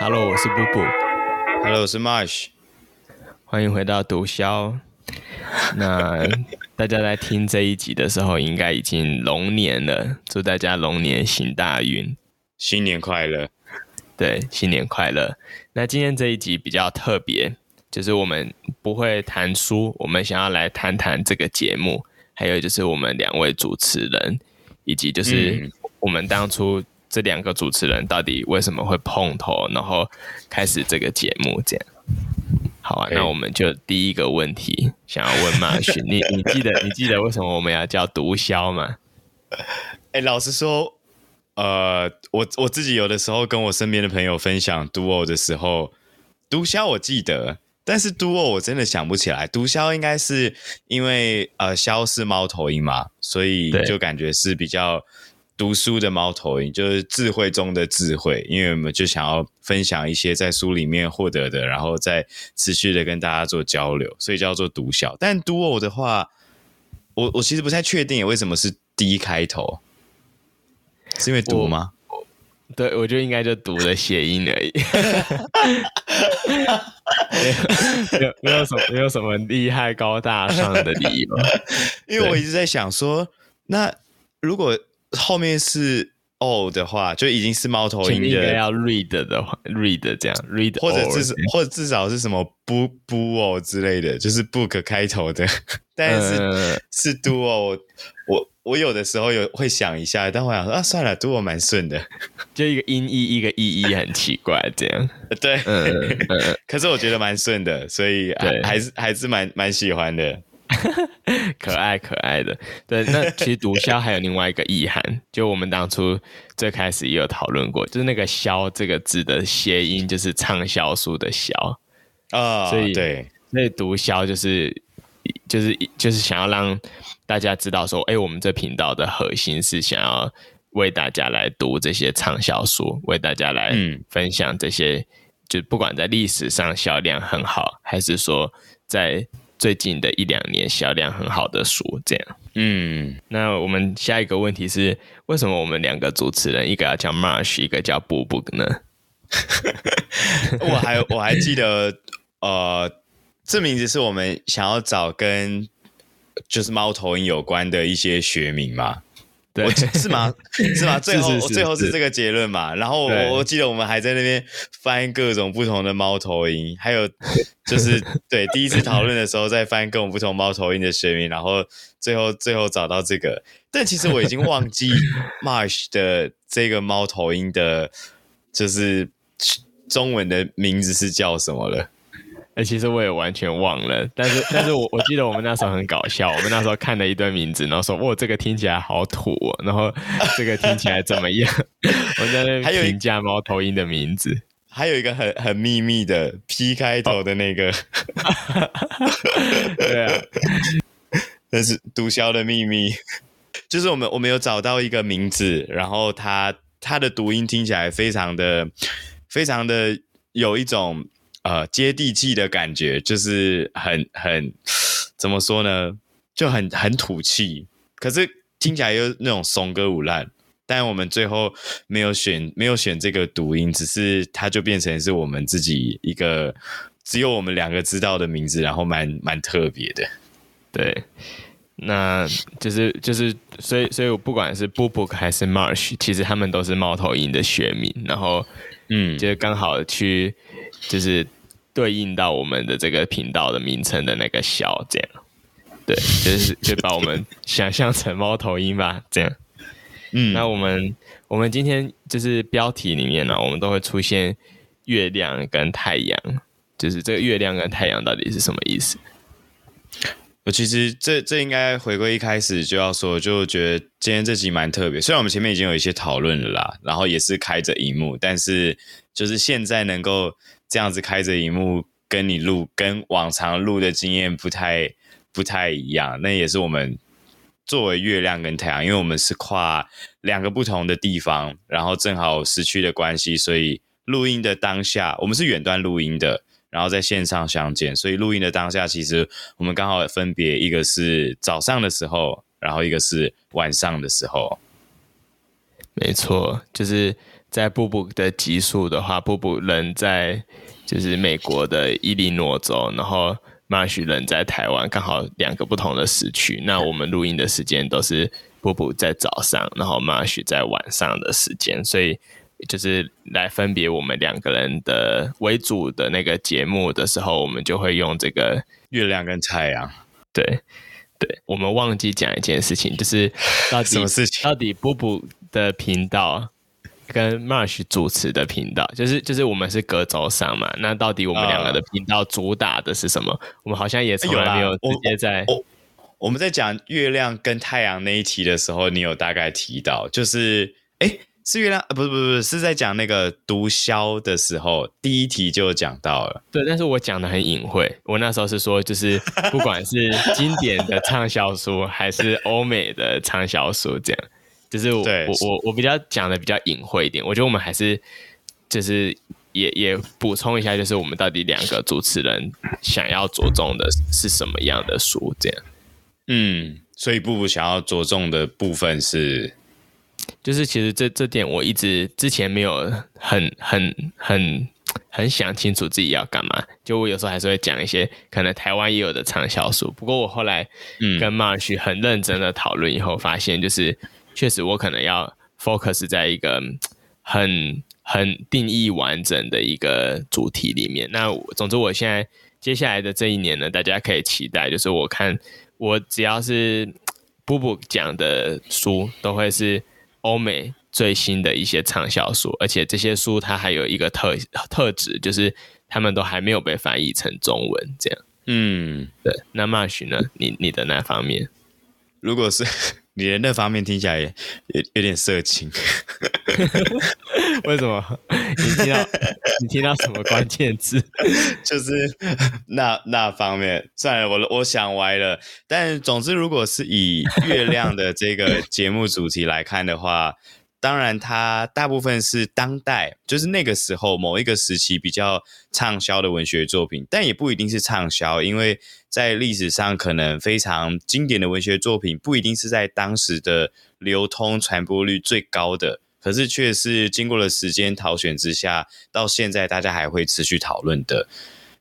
Hello，我是布布。Hello，我是 Marsh。歡迎回到讀梟。那大家在聽這一集的時候，應該已經龍年了。祝大家龍年行大運，新年快樂。對，新年快樂。那今天這一集比較特別，就是我們。不會談書，我們想要來談談這個節目，還有就是我們兩位主持人，以及就是我們當初這兩個主持人到底為什麼會碰頭，然後開始這個節目這樣。好啊，欸、那我們就第一個問題想要問 Marsh，你你記得你記得為什麼我們要叫讀梟嗎？哎、欸，老實說，呃，我我自己有的時候跟我身邊的朋友分享 duo 的時候，讀梟我記得。但是 DuO 我真的想不起來，讀梟應該是因為呃梟是貓頭鷹嘛，所以就感覺是比較讀書的貓頭鷹，就是智慧中的智慧。因為我們就想要分享一些在書裡面獲得的，然後再持續的跟大家做交流，所以叫做讀梟。但 DuO 的話，我我其實不太確定為什麼是 D 開頭，是因為讀嗎？對，我就應該就讀了諧音而已。 沒有，沒有，沒有什麼，沒有什麼厲害高大上的理由嗎？ 因為我一直在想說，對那如果後面是。哦、oh、的話，就已經是貓頭鷹的。應該要 read 的，的話，read 這樣，read 或者至少，Okay. 或者至少是什麼 book boo 哦之類的，就是 book 開頭的。但是、uh, 是 do 哦，我我有的時候有會想一下，但我想說啊，算了，do 哦蠻順的，就一個音譯，一個意譯，很奇怪這樣。 對，uh, uh, 可是我覺得蠻順的，所以還是對還是蠻蠻喜歡的。 可愛可愛的， 對，那其實“讀梟”還有另外一個意涵， 就我們當初最開始也有討論過，就是那個“銷”這個字的諧音，就是暢銷書的“銷、哦”，所以對，所以“讀梟對”就是，就是，就是想要讓大家知道，說，哎、欸，我們這頻道的核心是想要為大家來讀這些暢銷書，為大家來分享這些，嗯、就不管在歷史上銷量很好，還是說在。最近的一兩年銷量很好的書，這樣。嗯，那我們下一個問題是，為什麼我們兩個主持人一個要叫 Marsh，一個叫 Boobook 呢？ 我還我還記得， 呃，這名字是我們想要找跟就是貓頭鷹有關的一些學名吧。對 我，是嗎？是嗎？最後是是是最後是這個結論嘛。是是是，然後我記得我們還在那邊翻各種不同的貓頭鷹，對還有就是對第一次討論的時候在翻各種不同貓頭鷹的學名，然後最後最後找到這個。但其實我已經忘記 Marsh 的這個貓頭鷹的，就是中文的名字是叫什麼了。哎，其實我也完全忘了，但是，但是我我記得我們那時候很搞笑，我們那時候看了一堆名字，然後說：“哇，這個聽起來好土哦，然後這個聽起來怎麼樣？”我在那邊評價貓頭鷹的名字還，還有一個很很秘密的 P 開頭的那個，哦、 對啊，但是讀梟的秘密，就是我們我們有找到一個名字，然後它它的讀音聽起來非常的非常的有一種，呃，接地氣的感覺就是很很，怎麼說呢，就很很土氣，可是聽起來又那種松歌無爛。但我們最後沒有選，沒有選這個讀音，只是它就變成是我們自己一個只有我們兩個知道的名字，然後蠻蠻特別的。對，那就是就是，所以所以我不管是 Boobook 還是 Marsh，其實他們都是貓頭鷹的學名。然後，嗯，就是剛好去就是。對應到我們的這個頻道的名稱的那個小，這樣，對，就是就把我們想象成貓頭鷹吧，這樣。嗯，那我們我們今天就是標題裡面呢、啊，我們都會出現月亮跟太陽，就是這個月亮跟太陽到底是什麼意思？我其實這這應該回歸一開始就要說，就覺得今天這集蠻特別。雖然我們前面已經有一些討論了啦，然後也是開着熒幕，但是就是現在能夠。這樣子開着熒幕，跟你錄跟往常錄的經驗不太不太一樣。那也是我們作為月亮跟太陽，因為我們是跨兩個不同的地方，然後正好有時區的關係，所以錄音的當下，我們是遠端錄音的，然後在線上相見，所以錄音的當下，其實我們剛好分別一個是早上的時候，然後一個是晚上的時候。沒錯，就是。在布布的集數的話，布布人在就是美國的伊利諾州，然後馬許人在台灣，剛好兩個不同的時區。那我們錄音的時間都是布布在早上，然後馬許在晚上的時間，所以就是來分別我們兩個人的為主的那個節目的時候，我們就會用這個月亮跟太陽。對，對，我們忘記講一件事情，就是到底 什麼事情？到底布布的頻道。跟 Marsh 主持的頻道，就是就是我們是隔週上嘛那到底我們兩個的頻道主打的是什麼？呃、我們好像也從來沒有直接在、呃我我我。我們在講月亮跟太陽那一題的時候，你有大概提到，就是哎、欸，是月亮啊？不是不是不是，是在講那個讀梟的時候，第一題就講到了。對，但是我講得很隱晦，我那時候是說，就是不管是經典的暢銷書還是歐美的暢銷書，這樣。就是我對我我我比較講的比較隱晦一點，我覺得我們還是就是也也補充一下，就是我們到底兩個主持人想要着重的是什麼樣的書？這樣，嗯，所以 Boobook 想要着重的部分是，就是其實這這點我一直之前沒有很很很很想清楚自己要幹嘛，就我有時候還是會講一些可能台灣也有的暢銷書，不過我後來跟 Marsh 很認真的討論以後，發現就是。確實，我可能要 focus 在一個很很定義完整的一個主題裡面。那總之，我現在接下來的這一年呢，大家可以期待，就是我看我只要是 Boobook 講的書，都會是歐美最新的一些暢銷書，而且這些書它還有一個特特質，就是他們都還沒有被翻譯成中文。這樣，嗯，對。那 Marsh 呢？你你的那方面？如果是。你的那方面聽起來也有有點色情， 為什麼？你聽到你聽到什麼關鍵字？就是那那方面算了，雖然我我想歪了。但總之，如果是以月亮的這個節目主題來看的話。 當然，它大部分是當代，就是那個時候某一個時期比較暢銷的文學作品，但也不一定是暢銷，因為在歷史上可能非常經典的文學作品不一定是在當時的流通傳播率最高的，可是卻是經過了時間淘選之下，到現在大家還會持續討論的。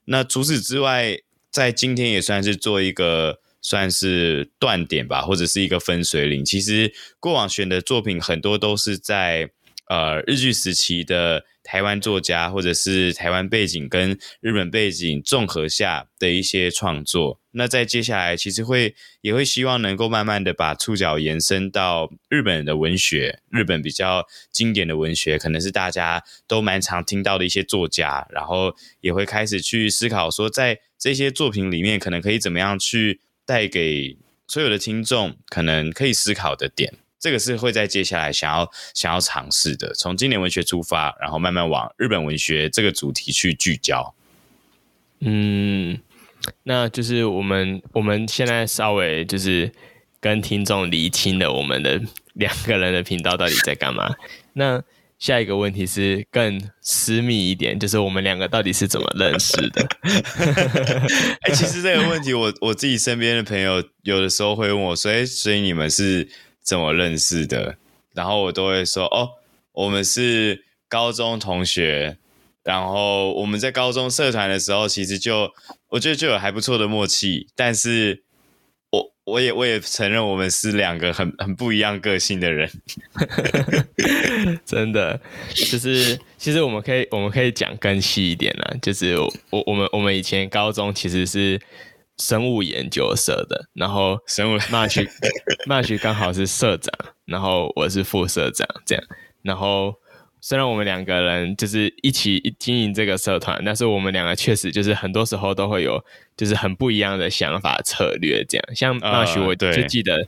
那除此之外，在今天也算是做一個。算是斷點吧，或者是一個分水嶺。其實過往選的作品很多都是在呃日據時期的台灣作家，或者是台灣背景跟日本背景綜合下的一些創作。那在接下來，其實會也會希望能夠慢慢的把觸角延伸到日本的文學，日本比較經典的文學，可能是大家都蠻常聽到的一些作家，然後也會開始去思考說，在這些作品裡面，可能可以怎麼樣去。帶給所有的聽眾可能可以思考的點，這個是會在接下來想要想要嘗試的。從經典文學出發，然後慢慢往日本文學這個主題去聚焦。嗯，那就是我們我們現在稍微就是跟聽眾釐清了我們的兩個人的頻道到底在幹嘛？ 那。下一個問題是更私密一點，就是我們兩個到底是怎麼認識的？哎、 欸，其實這個問題我，我我自己身邊的朋友有的時候會問我說：“哎，所以你們是怎麼認識的？”然後我都會說：“哦，我們是高中同學，然後我們在高中社團的時候，其實就我覺得就有還不錯的默契，但是。”我也我也承認，我們是兩個很很不一樣個性的人， 真的。就是其實我們可以我們可以講更細一點呢、啊，就是我我們我們以前高中其實是生物研究社的，然後生物 Marsh、Marsh 剛好是社長，然後我是副社長這樣，然後。雖然我們兩個人就是一起一經營這個社團，但是我們兩個確實就是很多時候都會有就是很不一樣的想法策略，這樣像 Marsh、呃、我就記得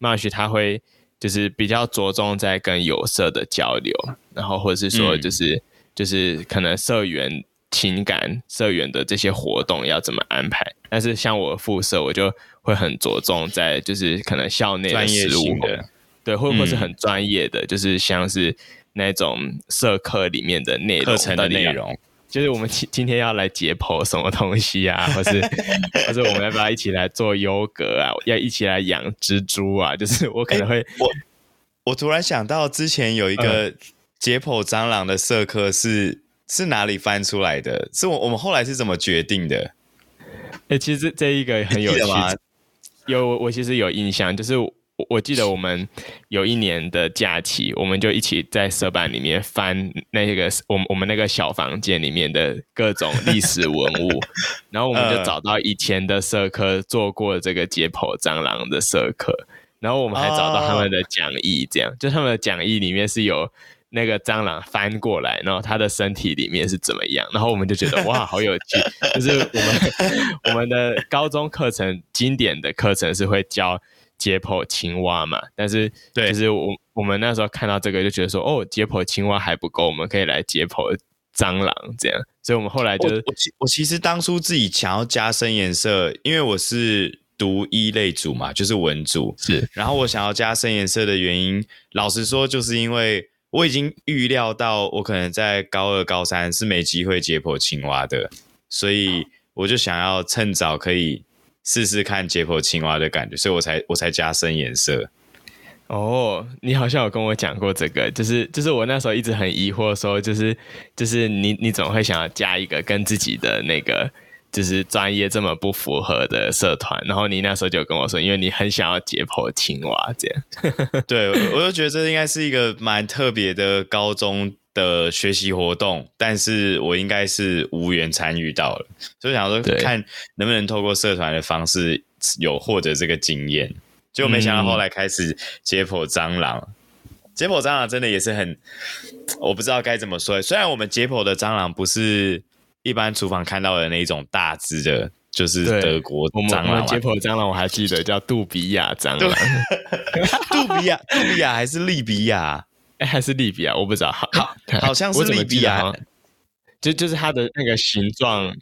Marsh 他會就是比較着重在跟友社的交流，然後或者是說就是、嗯、就是可能社員情感、社員的這些活動要怎麼安排，但是像我副社我就會很着重在就是可能校內的事務業的，對，會不會是很專業的，嗯、就是像是。那種社課裡面的內容的內容，課程的內容就是我們今今天要來解剖什麼東西啊， 或是或是我們要不要一起來做優格啊，要一起來養蜘蛛啊？就是我可能會、欸、我我突然想到，之前有一個解剖蟑螂的社課是、嗯、是哪裡翻出來的？是我我們後來是怎麼決定的？哎、欸，其實這一個很有趣有我其實有印象，就是。我我記得我們有一年的假期，我們就一起在社辦裡面翻那個我們我們那個小房間裡面的各種歷史文物， 然後我們就找到以前的社科做過這個解剖蟑螂的社科，然後我們還找到他們的講義，這樣、Oh. 就他們的講義裡面是有那個蟑螂翻過來，然後它的身體裡面是怎麼樣，然後我們就覺得哇好有趣， 就是我們我們的高中課程經典的課程是會教。解剖青蛙嘛，但是其實我對我，我們那時候看到這個就覺得說，哦，解剖青蛙還不夠，我們可以來解剖蟑螂這樣。所以我們後來就是，我，我，我其實當初自己想要加深顏色，因為我是讀一類組嘛，就是文組是。然後我想要加深顏色的原因，老實說，就是因為我已經預料到我可能在高二、高三是沒機會解剖青蛙的，所以我就想要趁早可以。試試看解剖青蛙的感覺，所以我才我才加深顏色。哦，你好像有跟我講過這個，就是就是我那時候一直很疑惑說，就是就是你你總會想要加一個跟自己的那個就是專業這麼不符合的社團，然後你那時候就跟我說，因為你很想要解剖青蛙這樣。 對，我就覺得這應該是一個蠻特別的高中的學習活動，但是我應該是無緣參與到了，所以我想說看能不能透過社團的方式有獲得這個經驗，結果對沒想到後來開始解剖蟑螂。嗯、解剖蟑螂真的也是很，我不知道該怎麼說。雖然我們解剖的蟑螂不是一般廚房看到的那一種大隻的，就是德國蟑螂。解剖的蟑螂我還記得叫杜比亞蟑螂，杜， 杜比亞亞、 杜比亞還是利比亞？還是利比亞，我不知道，好，好像是利比亞。就就是它的那個形狀，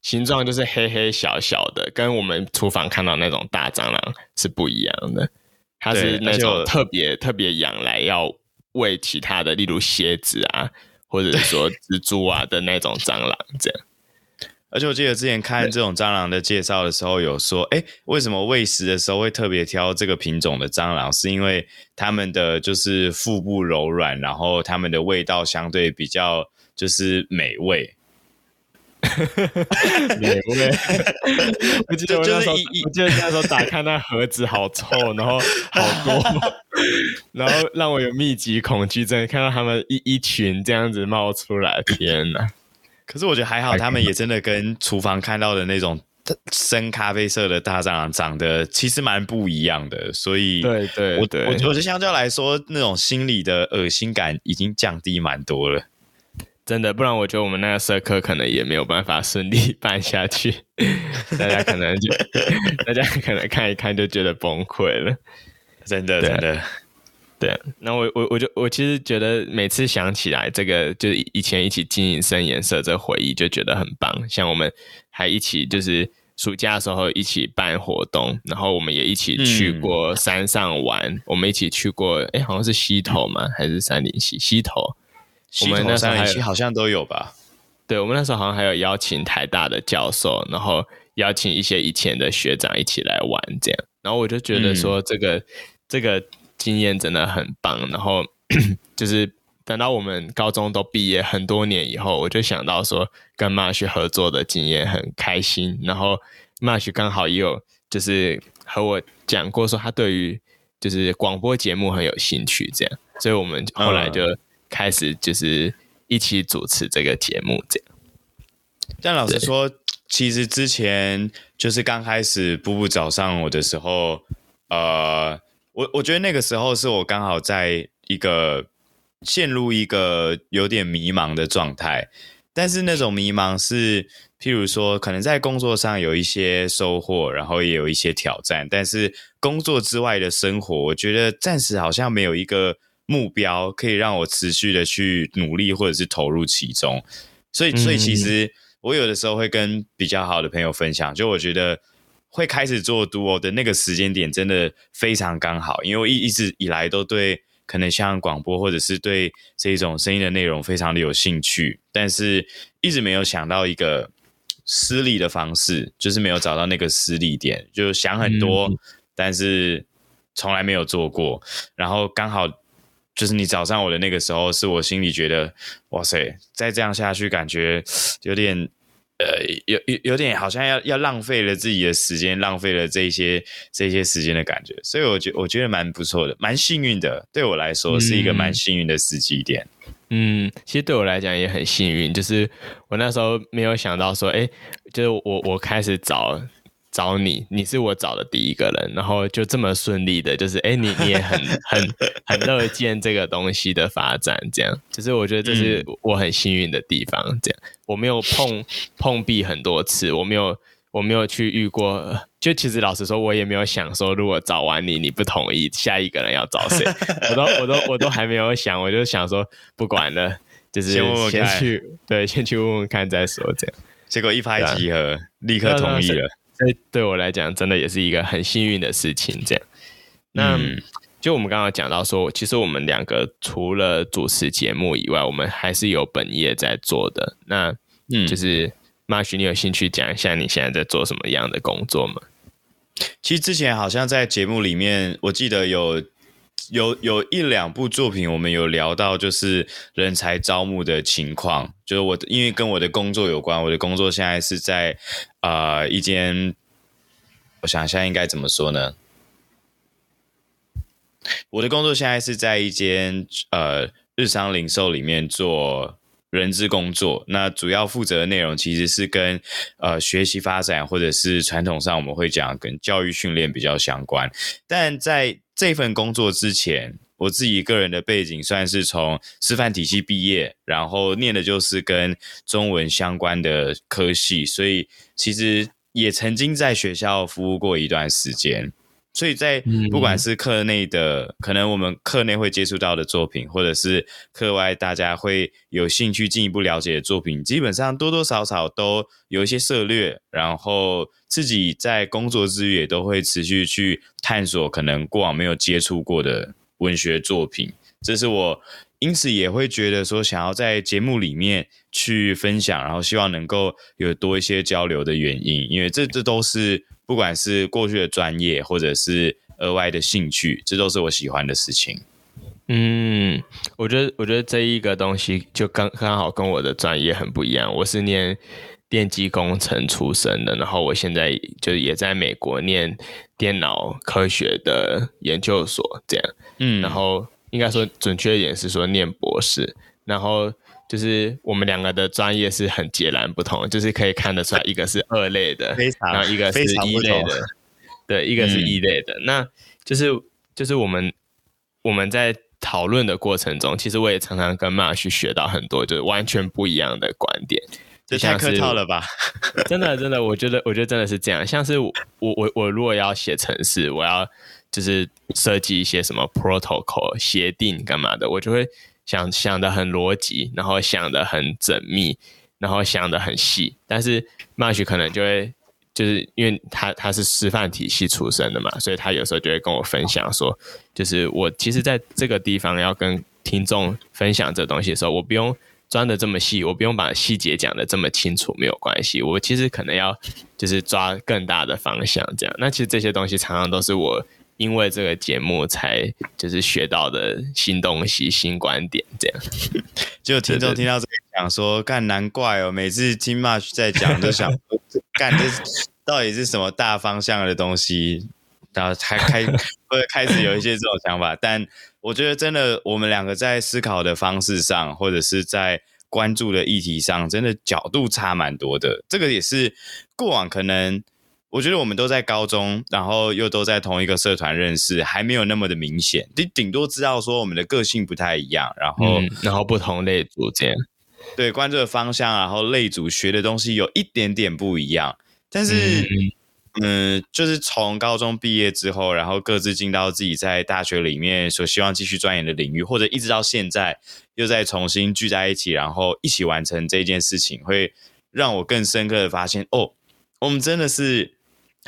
形狀就是黑黑小小的，跟我們廚房看到那種大蟑螂是不一樣的。它是那種特別特別養來要餵其他的，例如蠍子啊，或者說蜘蛛啊的那種蟑螂，這樣。而且我記得之前看這種蟑螂的介紹的時候，有說，哎對、欸，為什麼餵食的時候會特別挑這個品種的蟑螂？是因為它們的就是腹部柔軟，然後它們的味道相對比較就是美味。美味。我記得我那時候，我記得那時候打開那盒子，好臭，然後好多，然後讓我有密集恐懼症，看到它們一一群這樣子冒出來，天哪！可是我覺得還好，他們也真的跟廚房看到的那種深咖啡色的大蟑螂長,長得其實蠻不一樣的，所以對,對對，我我覺得相較來說，那種心理的噁心感已經降低蠻多了。真的，不然我覺得我們那個社課可能也沒有辦法順利辦下去， 大家可能就 大家可能看一看就覺得崩潰了真，真的真的。對，那我我我就我其實覺得每次想起來這個，就是以前一起經營深顏色的這個回憶，就覺得很棒。像我們還一起就是暑假的時候一起辦活動，然後我們也一起去過山上玩。嗯、我們一起去過，哎，好像是溪頭嘛，嗯、還是杉林溪溪頭？溪頭我們那時候好像都有吧？對，我們那時候好像還有邀請台大的教授，然後邀請一些以前的學長一起來玩這樣。然後我就覺得說，這個這個。嗯，這個經驗真的很棒，然後 就是等到我們高中都畢業很多年以後，我就想到說跟 m 去合作的經驗很開心。然後 m 去 r 剛好也有就是和我講過說他對於就是廣播節目很有興趣，這樣，所以我們後來就開始就是一起主持這個節目這樣。嗯、對但老實說，其實之前就是剛開始步步找上我的時候，呃。我我覺得那個時候是我剛好在一個陷入一個有點迷茫的狀態，但是那種迷茫是，譬如說可能在工作上有一些收穫，然後也有一些挑戰，但是工作之外的生活，我覺得暫時好像沒有一個目標可以讓我持續的去努力或者是投入其中，所以所以其實我有的時候會跟比較好的朋友分享，就我覺得。會開始做讀梟的那個時間點，真的非常剛好，因為我一一直以來都對可能像廣播，或者是對這種聲音的內容非常的有興趣，但是一直沒有想到一個施力的方式，就是沒有找到那個施力點，就想很多，但是從來沒有做過，然後剛好就是你找上我的那個時候，是我心裡覺得哇塞，再這樣下去感覺有點。呃，有有有點好像要要浪費了自己的時間，浪費了這些這些時間的感覺，所以我覺得我覺得蠻不錯的，蠻幸運的，對我來說是一個蠻幸運的時機點。嗯，嗯，其實對我來講也很幸運，就是我那時候沒有想到說，哎、欸，就是我我開始找。找你，你是我找的第一個人，然後就這麼順利的，就是誒、欸，你你也很很很樂見這個東西的發展，這樣，就是我覺得這是我很幸運的地方，這樣，我沒有碰碰壁很多次，我沒有我沒有去遇過，就其實老實說，我也沒有想說，如果找完你，你不同意，下一個人要找誰，我都我都我都還沒有想，我就想說不管了，就是先去先問問看對，先去問問看再說，這樣，結果一拍即合，立刻同意了。 對，對我來講，真的也是一個很幸運的事情。這樣，那、嗯、就我們剛剛講到說，其實我們兩個除了主持節目以外，我們還是有本業在做的。那，嗯、就是 Marsh，你有興趣講一下你現在在做什麼樣的工作嗎？其實之前好像在節目裡面，我記得有。有有一兩部作品，我們有聊到就是人才招募的情況。就是我因為跟我的工作有關，我的工作現在是在啊、呃、一間，我想一下應該怎麼說呢？我的工作現在是在一間呃日商零售裡面做人資工作。那主要負責的內容其實是跟呃學習發展，或者是傳統上我們會講跟教育訓練比較相關，但在這份工作之前，我自己個人的背景算是從師範體系畢業，然後念的就是跟中文相關的科系，所以其實也曾經在學校服務過一段時間。所以在不管是課內的嗯嗯可能我們課內會接觸到的作品，或者是課外大家會有興趣進一步了解的作品，基本上多多少少都有一些涉獵。然後自己在工作之餘也都會持續去探索可能過往沒有接觸過的文學作品。這是我，因此也會覺得說想要在節目裡面去分享，然後希望能夠有多一些交流的原因，因為這這都是。不管是過去的專業，或者是額外的興趣，這都是我喜歡的事情。嗯，我覺得，我覺得這一個東西就剛剛好跟我的專業很不一樣。我是念電機工程出身的，然後我現在就也在美國念電腦科學的研究所，這樣。嗯，然後應該說準確一點是說念博士，然後。就是我們兩個的專業是很截然不同，就是可以看得出來，一個是二類的，非常，然後一個是一類的，啊、對，一個是一類的。嗯、那就是就是我們我們在討論的過程中，其實我也常常跟 Marsh 學到很多，就是完全不一樣的觀點。這下客套了吧？ 真的真的，我覺得我覺得真的是這樣。像是我我我如果要寫程式，我要就是設計一些什麼 protocol 協定幹嘛的，我就會。想想的很邏輯，然後想的很縝密，然後想的很細。但是 Marsh 可能就會就是因為他他是師範體系出身的嘛，所以他有時候就會跟我分享說，就是我其實在這個地方要跟聽眾分享這東西的時候，我不用鑽的這麼細，我不用把細節講的這麼清楚，沒有關係。我其實可能要就是抓更大的方向這樣。那其實這些東西常常都是我。因為這個節目，才就是學到的新東西、新觀點，這樣。 就聽眾聽到這個講說，幹的難怪哦、喔，每次聽 Marsh 在講，都想幹，這 到底是什麼大方向的東西，然後才開，開會開始有一些這種想法。 但我覺得，真的，我們兩個在思考的方式上，或者是在關注的議題上，真的角度差蠻多的。這個也是過往可能。我覺得我們都在高中，然後又都在同一個社團認識，還沒有那麼的明顯。你頂多知道說我們的個性不太一樣，然後、嗯、然後不同類組件對，關注的方向，然後類組學的東西有一點點不一樣。但是，嗯，嗯，就是從高中畢業之後，然後各自進到自己在大學裡面所希望繼續鑽研的領域，或者一直到現在又再重新聚在一起，然後一起完成這件事情，會讓我更深刻的發現，哦，我們真的是。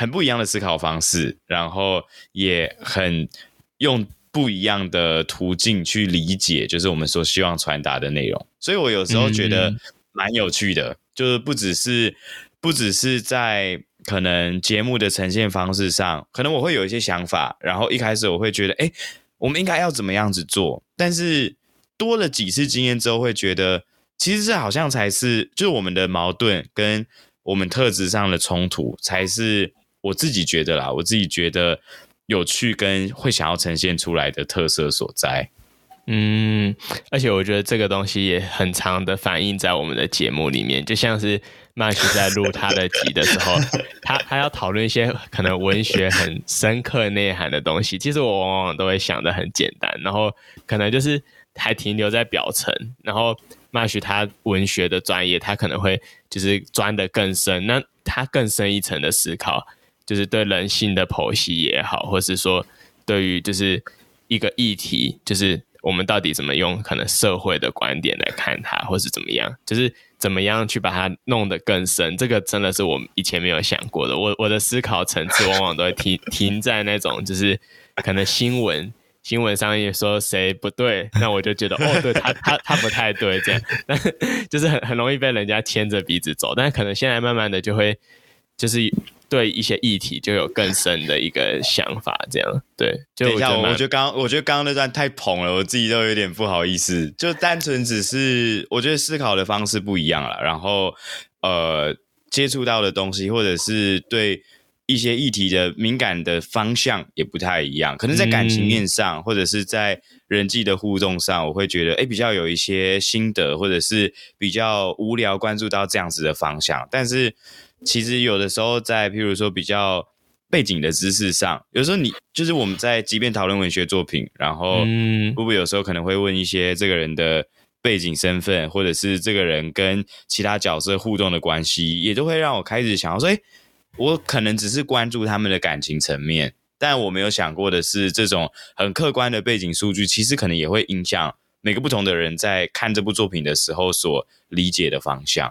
很不一樣的思考方式，然後也很用不一樣的途徑去理解，就是我們所希望傳達的內容。所以我有時候覺得蠻有趣的，嗯嗯，就是不只是不只是在可能節目的呈現方式上，可能我會有一些想法，然後一開始我會覺得，欸，我們應該要怎麼樣子做？但是多了幾次經驗之後，會覺得，其實這好像才是，就是我們的矛盾跟我們特質上的衝突才是。我自己覺得啦，我自己覺得有趣跟會想要呈現出來的特色所在，嗯，而且我覺得這個東西也很常的反映在我們的節目裡面，就像是 Marsh 在錄他的集的時候， 他他要討論一些可能文學很深刻內涵的東西，其實我往往都會想得很簡單，然後可能就是還停留在表層，然後 Marsh 他文學的專業，他可能會就是鑽得更深，那他更深一層的思考。就是對人性的剖析也好，或是說對於就是一個議題，就是我們到底怎麼用可能社會的觀點來看它，或是怎麼樣，就是怎麼樣去把它弄得更深。這個真的是我以前沒有想過的。我我的思考層次往往都會停 停在那種，就是可能新聞新聞上也說誰不對，那我就覺得哦，對他他他不太對這樣，但就是很很容易被人家牽着鼻子走。但可能現在慢慢的就會。就是對一些議題就有更深的一個想法，這樣對。就我等一下，我覺得剛剛，我覺得剛剛那段太捧了，我自己都有點不好意思。就單純只是，我覺得思考的方式不一樣了，然後呃，接觸到的東西，或者是對一些議題的敏感的方向也不太一樣。可能在感情面上，嗯、或者是在人際的互動上，我會覺得哎、欸，比較有一些心得，或者是比較無聊關注到這樣子的方向，但是。其實有的時候，在譬如說比較背景的知識上，有時候你就是我們在即便討論文學作品，然後嗯會不會有時候可能會問一些這個人的背景身份，或者是這個人跟其他角色互動的關係，也都會讓我開始想要說，哎、欸，我可能只是關注他們的感情層面，但我沒有想過的是，這種很客觀的背景數據，其實可能也會影響每個不同的人在看這部作品的時候所理解的方向。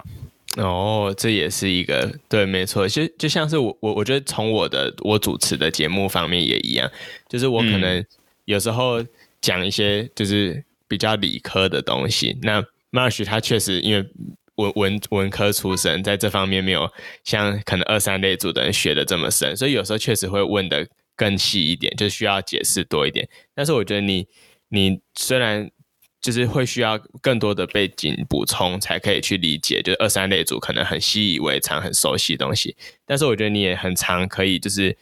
哦，這也是一個對，沒錯。其實就像是我我我覺得從我的我主持的節目方面也一樣，就是我可能有時候講一些就是比較理科的東西。嗯、那 Marsh 他確實因為文文文科出身，在這方面沒有像可能二三類組的人學的這麼深，所以有時候確實會問得更細一點，就需要解釋多一點。但是我覺得你你雖然。就是會需要更多的背景補充才可以去理解，就是二三類組可能很習以為常、很熟悉的東西，但是我覺得你也很常可以，就是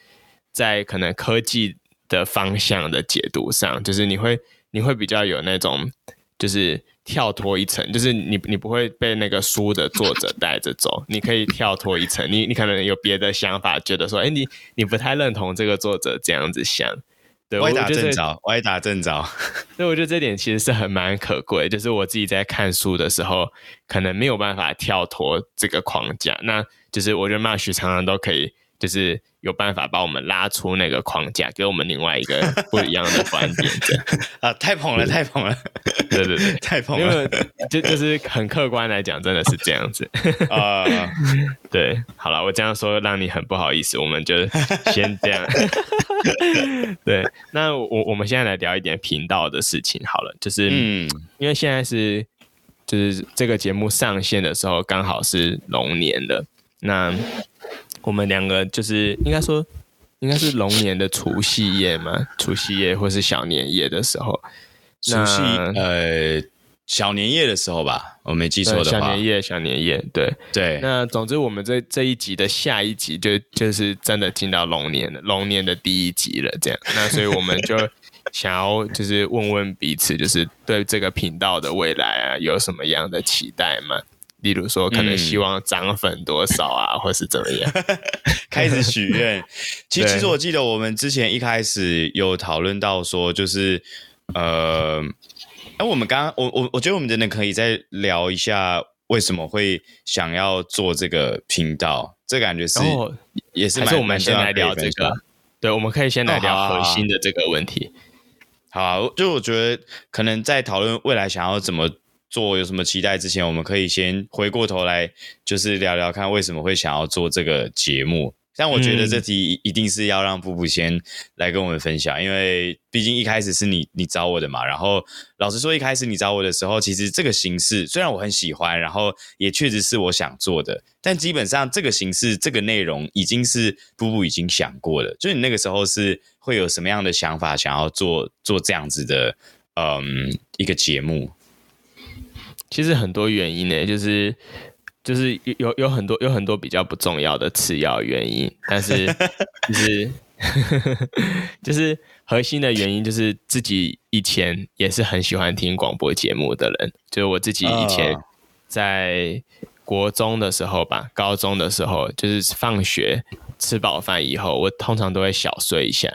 在可能科技的方向的解讀上，就是你會你會比較有那種，就是跳脫一層，就是你你不會被那個書的作者帶着走，你可以跳脫一層，你你可能有別的想法，覺得說，哎、欸，你你不太認同這個作者這樣子想。歪對，歪打正着，歪打正着，所以我覺得這點其實是很蠻可貴。就是我自己在看書的時候，可能沒有辦法跳脫這個框架，那就是我覺得 Marsh 常常都可以，就是。有辦法把我們拉出那個框架，給我們另外一個不一樣的觀點這樣。 啊，太捧了，太捧了。 對對對， 太捧了。因為就就是很客觀來講，真的是這樣子。啊、 uh，對，好了，我這樣說讓你很不好意思，我們就先這樣。 對，那我我們現在來聊一點頻道的事情好了，就是、嗯、因為現在是就是這個節目上線的時候，剛好是龍年的那。我們兩個就是應該說，應該是龍年的除夕夜嘛， 除夕夜或是小年夜的時候。除夕呃，小年夜的時候吧，我沒記錯的話。小年夜，小年夜，對對。那總之，我們這這一集的下一集就，就就是真的進到龍年了，龍年的第一集了，這樣。那所以我們就想要就是問問彼此，就是對這個頻道的未來啊，有什麼樣的期待嗎？例如說，可能希望漲粉多少啊，嗯、或是怎麼樣？ 開始許願。其實，其實我記得我們之前一開始有討論到說，就是呃，哎，我們剛剛，我我我覺得我們真的可以再聊一下，為什麼會想要做這個頻道？這感覺是也是，蠻，我們先來聊這個。對，我們可以先來聊核心的這個問題。好，好，好，好，好、啊，就我覺得可能在討論未來想要怎麼。做有什麼期待之前，我們可以先回過頭來，就是聊聊看為什麼會想要做這個節目。但我覺得這題、嗯、一定是要讓布布先來跟我們分享，因為畢竟一開始是你你找我的嘛。然後老實說，一開始你找我的時候，其實這個形式雖然我很喜歡，然後也確實是我想做的，但基本上這個形式、這個內容已經是布布已經想過了。就你那個時候是會有什麼樣的想法，想要做做這樣子的，嗯，一個節目？其實很多原因呢，就是就是有有很多有很多比較不重要的次要原因，但是就是 就是核心的原因就是自己以前也是很喜歡聽廣播節目的人，就是我自己以前在國中的時候吧，Oh. 高中的時候就是放學吃飽飯以後，我通常都會小睡一下。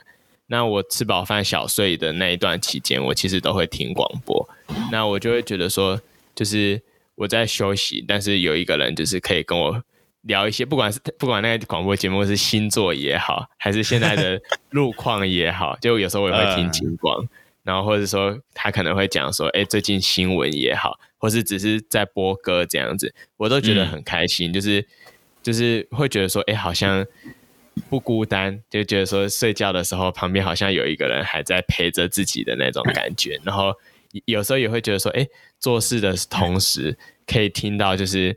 那我吃飽飯小睡的那一段期間，我其實都會聽廣播。那我就會覺得說，就是我在休息，但是有一個人就是可以跟我聊一些，不管是不管那個廣播節目是星座也好，還是現在的路況也好， 就有時候我也會聽金光，呃、然後或者說他可能會講說，哎、欸，最近新聞也好，或是只是在播歌這樣子，我都覺得很開心，嗯、就是就是會覺得說，哎、欸，好像不孤單，就覺得說睡覺的時候旁邊好像有一個人還在陪着自己的那種感覺，嗯、然後。有時候也會覺得說，哎、欸，做事的同時可以聽到就是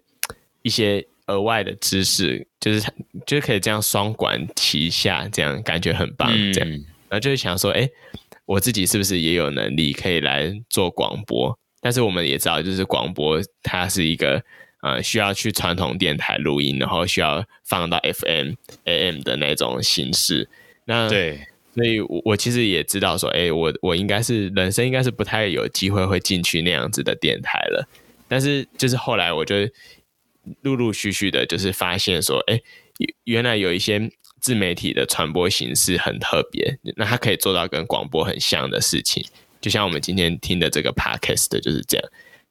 一些額外的知識，就是就是可以這樣雙管齊下，這樣感覺很棒。這樣，嗯、然後就是想說，哎、欸，我自己是不是也有能力可以來做廣播？但是我們也知道，就是廣播它是一個呃需要去傳統電台錄音，然後需要放到 FM、AM 的那種形式。那對。所以，我我其實也知道說，誒、欸，我我應該是人生應該是不太有機會會進去那樣子的電台了。但是，就是後來我就陸陸續續的，就是發現說，誒、欸，原來有一些自媒體的傳播形式很特別，那它可以做到跟廣播很像的事情，就像我們今天聽的這個 podcast 的就是這樣。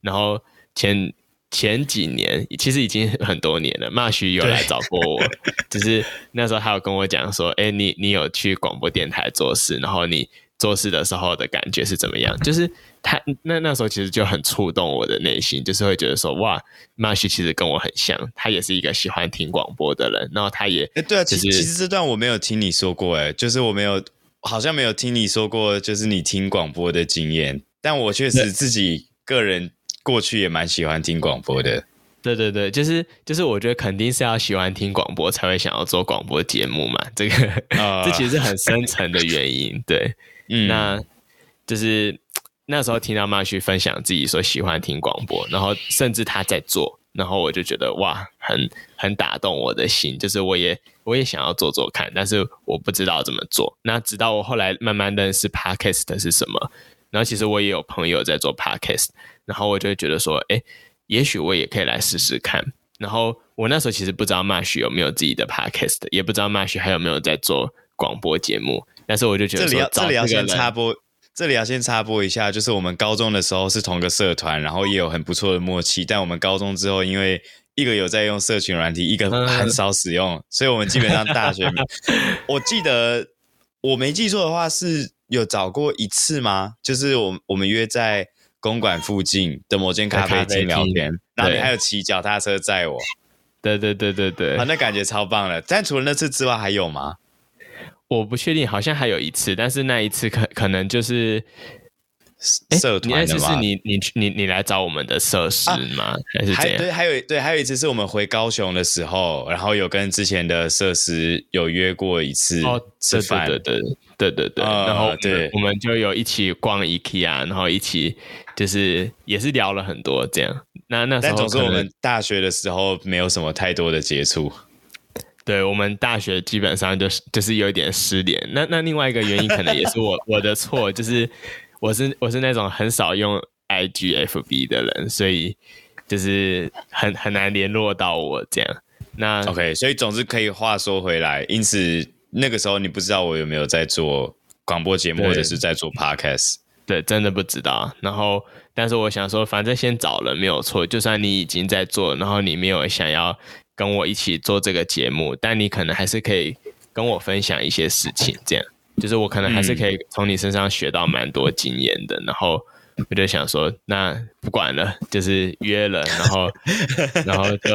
然後前。前幾年，其實已經很多年了，Marsh 有來找過我，對 就是那時候他有跟我講說：“哎、 欸，你你有去廣播電臺做事，然後你做事的時候的感覺是怎麼樣？”就是他那那時候其實就很觸動我的內心，就是會覺得說：“哇，Marsh 其實跟我很像，他也是一個喜歡聽廣播的人。”然後他也、就是欸、對啊，其實其實這段我沒有聽你說過、欸，哎，就是我沒有好像沒有聽你說過，就是你聽廣播的經驗，但我確實自己個人。過去也蠻喜歡聽廣播的，對對對，就是就是，我覺得肯定是要喜歡聽廣播才會想要做廣播節目嘛，這個、uh、這其實是很深層的原因。 對，嗯，那就是那時候聽到 Marsh 分享自己說喜歡聽廣播，然後甚至他在做，然後我就覺得哇，很很打動我的心，就是我也我也想要做做看，但是我不知道怎麼做。那直到我後來慢慢認識 podcast 是什麼，然後其實我也有朋友在做 podcast。然後我就會覺得說，哎，也許我也可以來試試看。然後我那時候其實不知道 Marsh 有沒有自己的 Podcast，也不知道 Marsh 還有沒有在做廣播節目。但是我就覺得這，這裡要這裡要先插播，這裡要先插播一下，就是我們高中的時候是同個社團，然後也有很不錯的默契。但我們高中之後，因為一個有在用社群軟體，一個很少使用，嗯、所以我們基本上大學， 我記得我沒記錯的話是有找過一次嗎？就是我我們約在。公館附近的某間咖啡廳聊天，然後你還有騎腳踏車載我，對對對對對，啊，那感覺超棒了。但除了那次之外，還有嗎？我不確定，好像還有一次，但是那一次可可能就是。欸、社團的嘛？還是，是你你你你來找我們的社師嗎？啊、還是這樣？對，還有對，還有一次是我們回高雄的時候，然後有跟之前的社師有約過一次吃飯。哦。對對對對對對。哦、然後對，我們就有一起逛 IKEA，然後一起就是也是聊了很多這樣。那那時候我們大學的時候沒有什麼太多的接觸。對，我們大學基本上就是就是有一點失聯。那那另外一個原因可能也是我 我的錯，就是。我是我是那種很少用 IGFB 的人，所以就是很很難聯絡到我這樣。那 OK，所以總之可以話說回來，因此那個時候你不知道我有沒有在做廣播節目，或者是在做 Podcast，對，對，真的不知道。然後，但是我想說，反正先找了沒有錯，就算你已經在做，然後你沒有想要跟我一起做這個節目，但你可能還是可以跟我分享一些事情這樣。就是我可能還是可以從你身上學到蠻多經驗的，嗯、然後我就想說，那不管了，就是約了，然後， 然後就，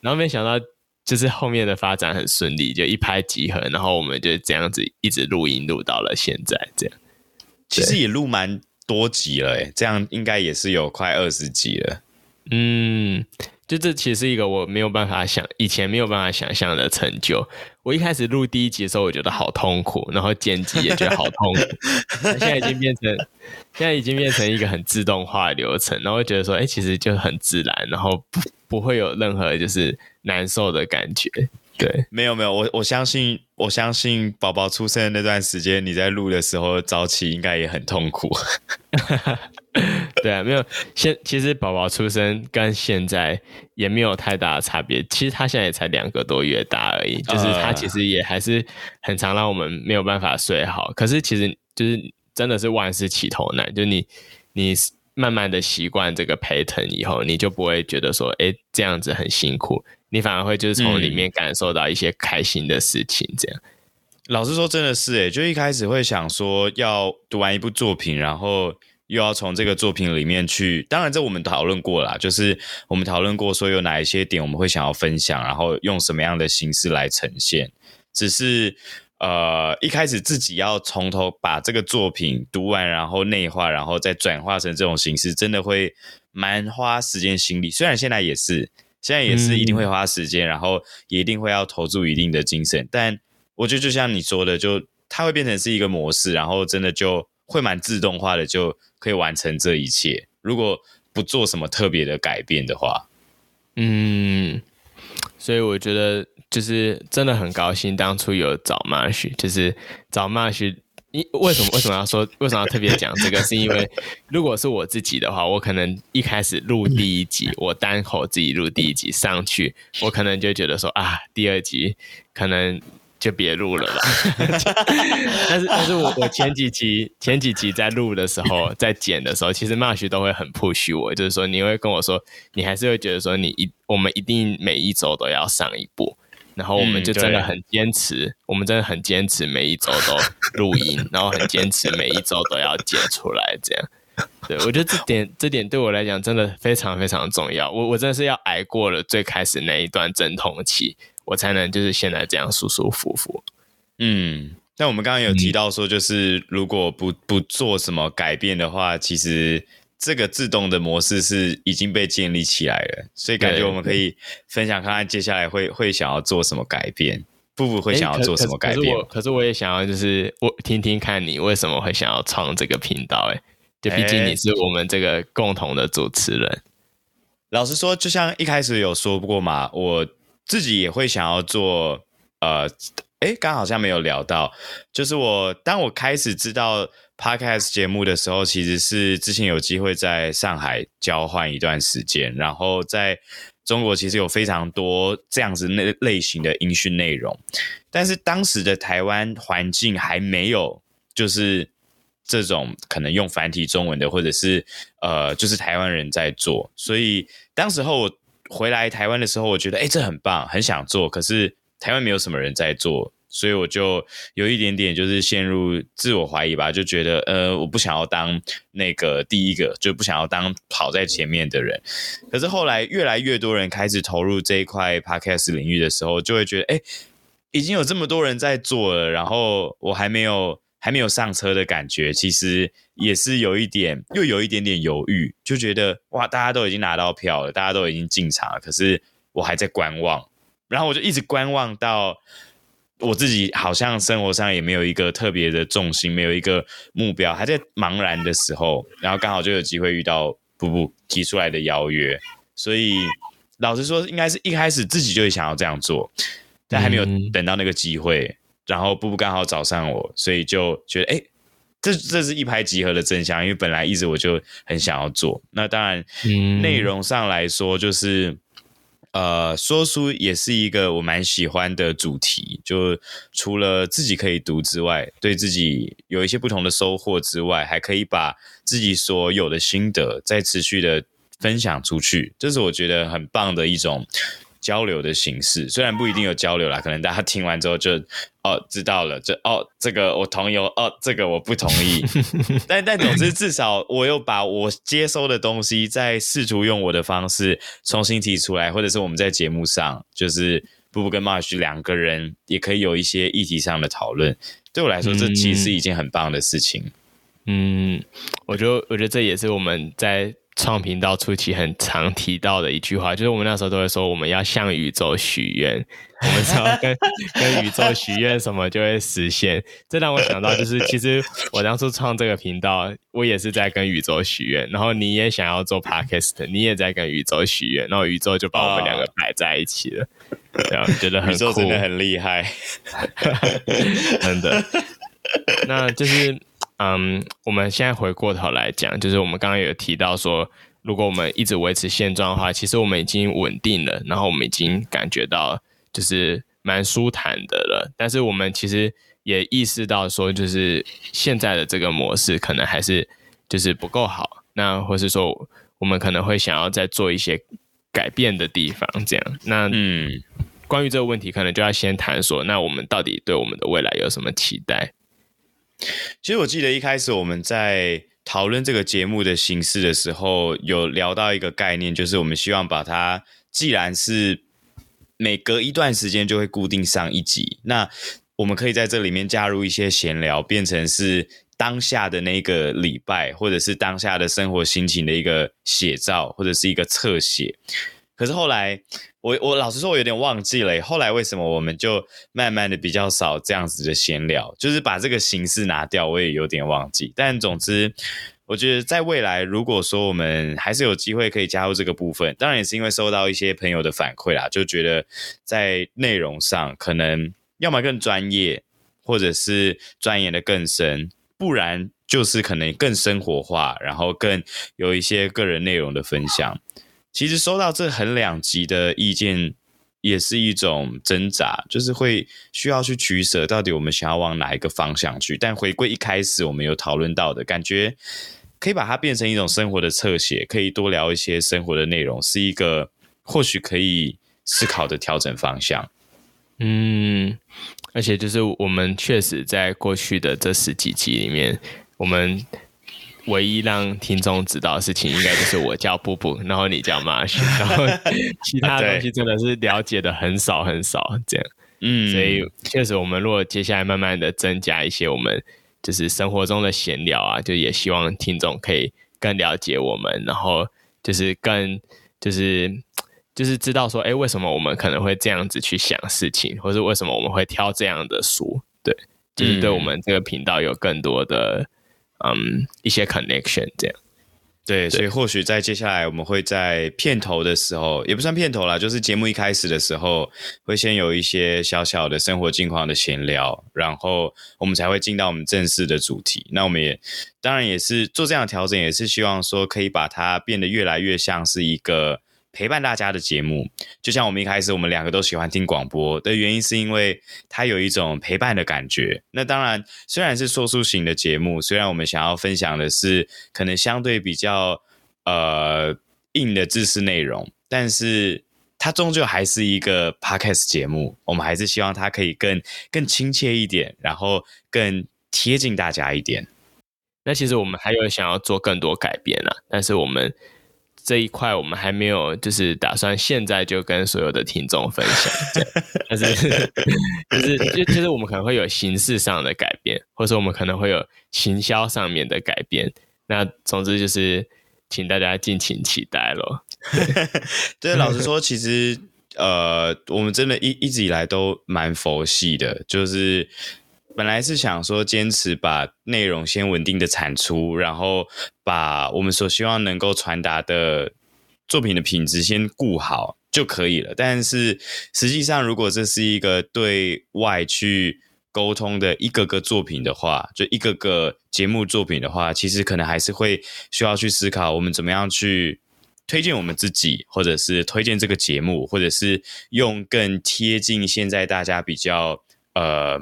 然後沒想到就是後面的發展很順利，就一拍即合，然後我們就這樣子一直錄音錄到了現在，這樣其實也錄蠻多集了、欸，哎，這樣應該也是有快二十集了，嗯。就這其實是一個我沒有辦法想，以前沒有辦法想象的成就。我一開始錄第一集的時候，我覺得好痛苦，然後剪輯也覺得好痛苦。 現在已經變成，現在已經變成一個很自動化流程，然後我覺得說，哎、欸，其實就很自然，然後不不會有任何就是難受的感覺。對，沒有沒有，我我相信我相信寶寶出生的那段時間，你在錄的時候早期應該也很痛苦。 對啊，沒有，現其實寶寶出生跟現在也沒有太大的差別。其實他現在也才兩個多月大而已，就是他其實也還是很常讓我們沒有辦法睡好。可是其實就是真的是萬事起頭難，就你你慢慢的習慣這個 pattern 以後，你就不會覺得說，哎、欸，這樣子很辛苦。你反而會就是從裡面感受到一些開心的事情，這樣、嗯。老實說，真的是哎、欸，就一開始會想說要讀完一部作品，然後又要從這個作品裡面去，當然這我們討論過啦，就是我們討論過說有哪一些點我們會想要分享，然後用什麼樣的形式來呈現。只是呃，一開始自己要從頭把這個作品讀完，然後內化，然後再轉化成這種形式，真的會蠻花時間心力。雖然現在也是。現在也是一定會花時間，嗯、然後也一定會要投注一定的精神。但我覺得就像你說的，就它會變成是一個模式，然後真的就會蠻自動化的，就可以完成這一切。如果不做什麼特別的改變的話，嗯，所以我覺得就是真的很高興當初有找 Marsh，就是找 Marsh。你為什麼為什麼要說為什麼要特別講這個？是因為如果是我自己的話，我可能一開始錄第一集，我單口自己錄第一集上去，我可能就覺得說啊，第二集可能就別錄了吧。 但是但是我我前幾集前幾集在錄的時候，在剪的時候，其實 Marsh 都會很 push 我，就是說你會跟我說，你還是會覺得說你一我們一定每一周都要上一部。然後我們就真的很堅持，嗯、我們真的很堅持，每一周都錄音， 然後很堅持每一周都要剪出來。這樣，對，我覺得這點這點對我來講真的非常非常重要。我我真的是要挨過了最開始那一段陣痛期，我才能就是現在這樣舒舒服服。嗯，那我們剛剛有提到說，就是如果不不做什麼改變的話，其實。這個自動的模式是已經被建立起來了，所以感覺我們可以分享看看接下來會會想要做什麼改變，不，嗯，布布會想要做什麼改變？欸、可，可，可是我，可是我也想要，就是我聽聽看你為什麼會想要創這個頻道。欸，哎，就畢竟你是我們這個共同的主持人。欸、老實說，就像一開始有說過嘛，我自己也會想要做，呃，哎、欸，剛好像沒有聊到，就是我當我開始知道，Podcast 節目的時候，其實是之前有機會在上海交換一段時間，然後在中國其實有非常多這樣子類類型的音訊內容，但是當時的台灣環境還沒有，就是這種可能用繁體中文的，或者是呃，就是台灣人在做，所以當時候我回來台灣的時候，我覺得哎，這很棒，很想做，可是台灣沒有什麼人在做。所以我就有一點點，就是陷入自我懷疑吧，就覺得呃，我不想要當那個第一個，就不想要當跑在前面的人。可是後來，越來越多人開始投入這一塊 Podcast 領域的時候，就會覺得，哎、欸，已經有這麼多人在做了，然後我還沒有還沒有上車的感覺，其實也是有一點，又有一點點猶豫，就覺得哇，大家都已經拿到票了，大家都已經進場了，可是我還在觀望，然後我就一直觀望到。我自己好像生活上也沒有一個特別的重心，沒有一個目標，還在茫然的時候，然後剛好就有機會遇到布布提出來的邀約，所以老實說，應該是一開始自己就會想要這樣做，但還沒有等到那個機會，然後布布剛好找上我，所以就覺得，哎、欸，這這是一拍即合的真相，因為本來一直我就很想要做，那當然內容上來說就是。呃，說書也是一個我蠻喜歡的主題，就除了自己可以讀之外，對自己有一些不同的收穫之外，還可以把自己所有的心得再持續的分享出去，這，就是我覺得很棒的一種。交流的形式，雖然不一定有交流啦，可能大家聽完之後就哦知道了，就哦這個我同意，哦這個我不同意， 但但總之至少我又把我接收的東西再試圖用我的方式重新提出來，或者是我們在節目上就是 Boobook 跟 Marsh 兩個人也可以有一些議題上的討論，對我來說這其實是一件很棒的事情。嗯，嗯，我覺得我覺得這也是我們在。創頻道初期很常提到的一句話，就是我們那時候都會說我們要向宇宙許願，我們只要跟 跟宇宙許願，什麼就會實現。這讓我想到，就是其實我當初創這個頻道，我也是在跟宇宙許願，然後你也想要做 podcast，你也在跟宇宙許願，然後宇宙就把我們兩個擺在一起了，對、哦，覺得很、cool、宇宙真的很厲害， 真的，那就是。嗯，um, 我們現在回過頭來講，就是我們剛剛有提到說，如果我們一直維持現狀的話，其實我們已經穩定了，然後我們已經感覺到就是蠻舒坦的了。但是我們其實也意識到說，就是現在的這個模式可能還是就是不夠好，那或是說我們可能會想要再做一些改變的地方，這樣。那嗯，關於這個問題，可能就要先探索，那我們到底對我們的未來有什麼期待？其實我記得一開始我們在討論這個節目的形式的時候，有聊到一個概念，就是我們希望把它，既然是每隔一段時間就會固定上一集，那我們可以在這裡面加入一些閒聊，變成是當下的那個禮拜，或者是當下的生活心情的一個寫照，或者是一個側寫。可是後來。我我老實說，我有點忘記了。後來為什麼我們就慢慢的比較少這樣子的閒聊，就是把這個形式拿掉。我也有點忘記。但總之，我覺得在未來，如果說我們還是有機會可以加入這個部分，當然也是因為收到一些朋友的反饋啦，就覺得在內容上可能要麼更專業，或者是鑽研的更深，不然就是可能更生活化，然後更有一些個人內容的分享。其實收到這很兩極的意見，也是一種掙扎，就是會需要去取舍，到底我們想要往哪一個方向去？但回歸一開始，我們有討論到的感覺，可以把它變成一種生活的側寫，可以多聊一些生活的內容，是一個或許可以思考的調整方向。嗯，而且就是我們確實在過去的這十幾集裡面，我們。唯一讓聽眾知道的事情，應該就是我叫 Boobook，然後你叫 Marsh，然後 其他東西真的是了解的很少很少，這樣，嗯，所以確實，我們如果接下來慢慢的增加一些我們就是生活中的閒聊啊，就也希望聽眾可以更了解我們，然後就是更就是就是知道說，哎，為什麼我們可能會這樣子去想事情，或者為什麼我們會挑這樣的書，對，就是對我們這個頻道有更多的。嗯，um, 一些 connection 這樣，對，對，所以或許在接下來我們會在片頭的時候，也不算片頭啦，就是節目一開始的時候，會先有一些小小的生活近況的閒聊，然後我們才會進到我們正式的主題。那我們也當然也是做這樣的調整，也是希望說可以把它變得越來越像是一個。陪伴大家的節目，就像我們一開始，我們兩個都喜歡聽廣播的原因，是因為它有一種陪伴的感覺。那當然，雖然是說書型的節目，雖然我們想要分享的是可能相對比較呃硬的知識內容，但是它終究還是一個 podcast 節目。我們還是希望它可以更更親切一點，然後更貼近大家一點。那其實我們還有想要做更多改變呢、啊，但是我們。這一塊我們還沒有，就是打算現在就跟所有的聽眾分享， 但是就是就是我們可能會有形式上的改變，或者說我們可能會有行銷上面的改變。那總之就是，請大家敬請期待嘍。對， 對，老實說，其實呃，我們真的一一直以來都蠻佛系的，就是。本來是想說，堅持把內容先穩定的產出，然後把我們所希望能夠傳達的作品的品質先顧好就可以了。但是實際上，如果這是一個對外去溝通的一個個作品的話，就一個個節目作品的話，其實可能還是會需要去思考我們怎麼樣去推薦我們自己，或者是推薦這個節目，或者是用更貼近現在大家比較呃。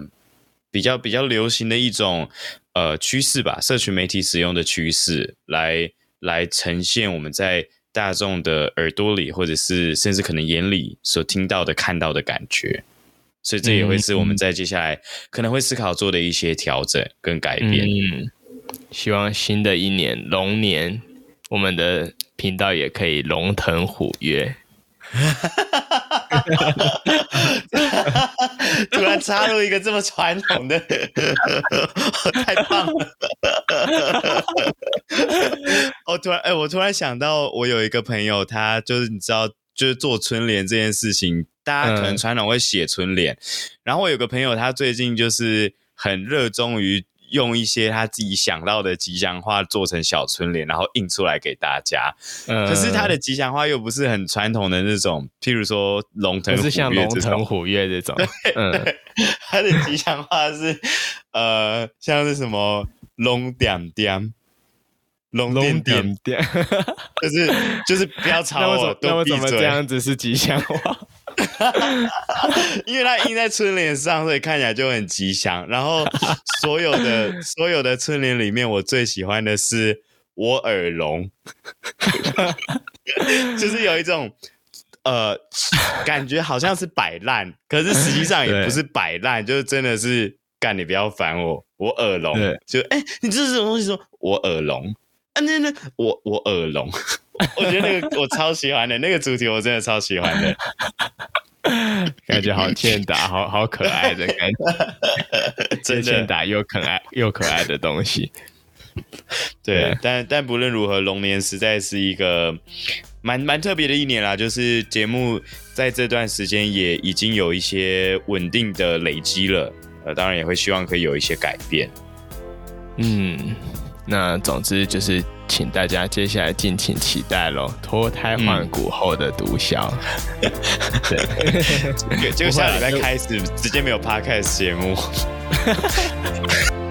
比較比較流行的一種呃趨勢吧，社群媒體使用的趨勢，來來呈現我們在大眾的耳朵裡，或者是甚至可能眼裡所聽到的、看到的感覺，所以這也會是我們在接下來可能會思考做的一些調整跟改變。嗯，嗯，希望新的一年龍年，我們的頻道也可以龍騰虎躍。哈哈哈哈哈！ 突然插入一個這麼傳統的、 哦，太棒了！我、哦、突然哎、欸，我突然想到，我有一個朋友，他就是你知道，就是做春聯這件事情，大家可能傳統會寫春聯，嗯、然後我有個朋友，他最近就是很熱衷於。用一些他自己想到的吉祥話做成小春聯，然後印出來給大家。嗯、可是他的吉祥話又不是很傳統的那種，譬如說龍騰虎躍，不是像龍騰虎躍這種。嗯、他的吉祥話是 呃，像是什麼龍點點，龍點點，點點 就是就是不要吵我， 那我怎麼這樣子是吉祥話？ 因為它印在春聯上，所以看起來就很吉祥。然後所有的 所有的春聯裡面，我最喜歡的是我耳聾， 就是有一種呃感覺，好像是擺爛，可是實際上也不是擺爛，對就是真的是幹你不要煩我，我耳聾，對就哎、欸、你這是什麼東西說？說我耳聾。啊、那那，我我耳聾，我覺得那個我超喜歡的， 那個主題我真的超喜歡的， 感覺好欠打，好好可愛的感覺， 真的欠打又可愛又可愛的東西。 對，但但不論如何，龍年實在是一個蠻蠻特別的一年啦。就是節目在這段時間也已經有一些穩定的累積了，呃，當然也會希望可以有一些改變。嗯。那總之就是，請大家接下來敬請期待嘍！脫胎換骨後的讀梟，對，就下禮拜開始直接沒有 podcast 節目。